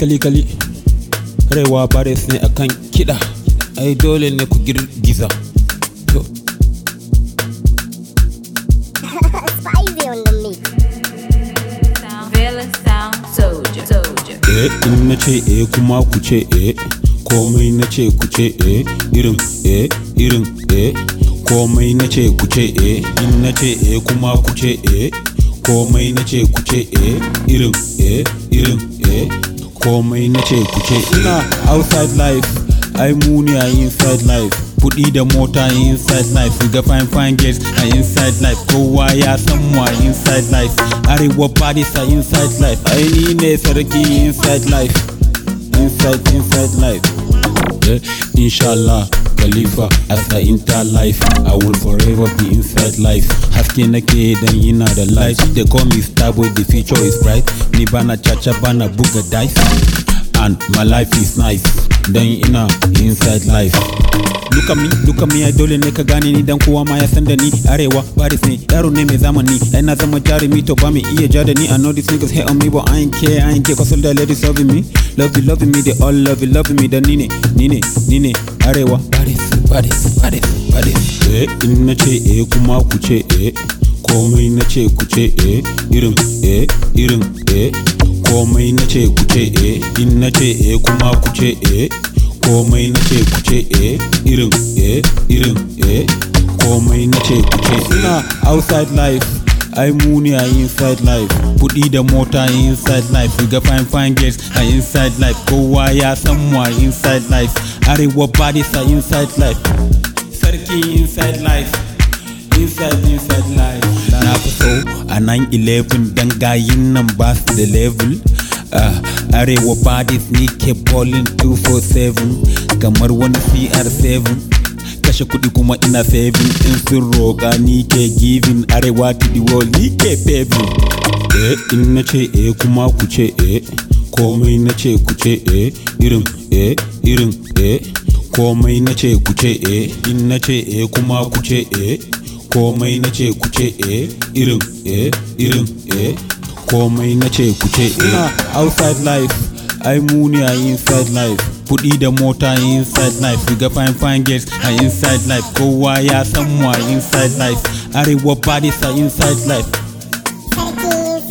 kali-kali raiwa bares ne akan kiɗa ai dole ne ku girgiza eh, in na ce eh kuma ku ce eh. komai na ce ku ce irin irin komai na ce ku ce in na ce kuma ku ce komai na ce ku ce irin irin Come in the check, ce ina outside life I'm ne inside life Put either motor inside life got fine fine girls inside life Go ya somewhere inside life arewa paris a inside life I need a sarki inside life inside inside life inshallah Khalifa as I enter life. I will forever be inside life. Haske nake dan yana da light. They call me Starboy, the future is bright. Ni bana chacha bana booga dice. And my life is nice. you know inside life. Look at me, look at me, I dole ne ka gane ni dan kowa ma ya san da ni arewa Paris ne yaro ne zama ni ina zama jarumi to ba mai iya ja da ni I know these niggas hate on me but I ain't care I ain't care cause all the ladies loving me Love you, love me, they all love you, love me, da nine, nine, nine, arewa. Eh, in na ce eh kuma ku ce eh. Komai na ce ku ce eh, irin eh, irin eh. Komai na ce ku ce eh, in na ce eh kuma ku ce eh. Komai na ce ku ce eh, irin eh, irin eh. Komai na ce ku ce eh. outside life. I Mooney, I inside life. Put either motor inside life. We got fine fine girls, I inside life. Go wire somewhere inside life. I what bodies, are inside life. Circling inside life. Inside, inside life. Na so. a 911. 11 dan gayin nan the su The level. Uh, ah, what bodies ni ke ballin 247 kamar wani CR7. kashe kuɗi kuma ina saving in sun roga ni ke giving arewa to the world ni ke paving eh in na ce eh kuma ku ce eh komai na ce ku ce eh irin eh irin eh komai na ce ku ce eh in na ce eh kuma ku ce eh komai na ce ku ce eh irin eh irin eh komai na ce ku ce eh outside life ai muni a inside life in the motor inside life got fine fine girls a inside life Go ya somewhere. inside life what bodies are? inside life